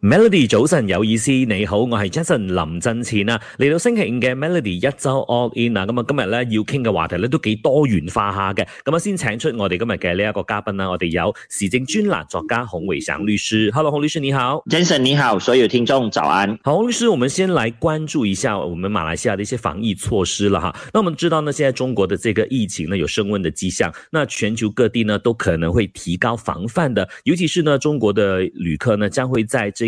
Melody 早晨有意思，你好，我係 Jason 林振前啊，嚟到星期五嘅 Melody 一周 all in 啊，咁啊今日呢要傾嘅話題呢都幾多元化下嘅，咁啊先請出我哋今日嘅呢一個嘉賓啊。我哋有時政專欄作家洪偉祥律師，Hello 洪律師你好，Jason 你好，所有聽眾早安，好，洪律師，我們先來關注一下我們馬來西亞的一些防疫措施啦，哈，那我們知道呢，現在中國的這個疫情呢有升溫的跡象，那全球各地呢都可能會提高防範的，尤其是呢中國的旅客呢將會在這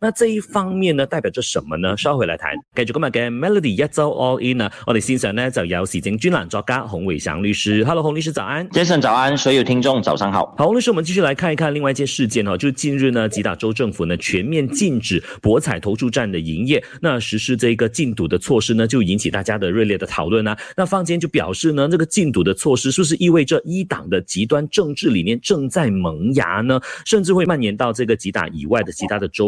那這一方面呢，代表着什麼呢？稍後回來談。 繼續今日嘅 Melody 一周 All In，啊、我哋線上呢就有時政專欄作家洪偉祥律師。Hello，洪律師早安。Jason, 早安，所有聽眾早上好。好，洪律師，我們繼續來看一看另外一件事件哈，就近日呢吉打州政府呢全面禁止博彩投注站的營業，那實施這個禁賭的措施呢，就引起大家的熱烈的討論，啊、那坊間就表示呢，這個禁賭的措施，是不是意味着伊黨的極端政治理念正在萌芽呢？甚至會蔓延到這個吉打以外的其他的州？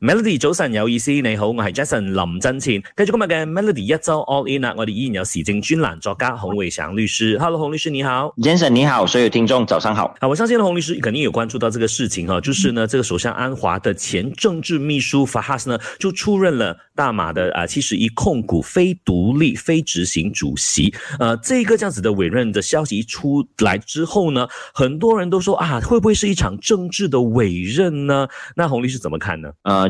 Melody 早晨有意思，你好，我是 Jason 林真晴，繼續今日嘅 Melody 一周 all in 啊，我哋依然有時政專欄作家洪偉祥律師，Hello 洪律師你好，Jason 你好，所有聽眾早上好，啊我相信呢洪律師肯定有關注到這個事情哈、啊，就是呢，這個首相安華的前政治秘書法哈斯呢就出任了大馬的啊七十一控股非獨立非執行主席，呃這個這樣子的委任的消息一出來之後呢，很多人都說啊，會不會是一場政治的委任呢？那洪律師怎麼看呢？啊、uh,？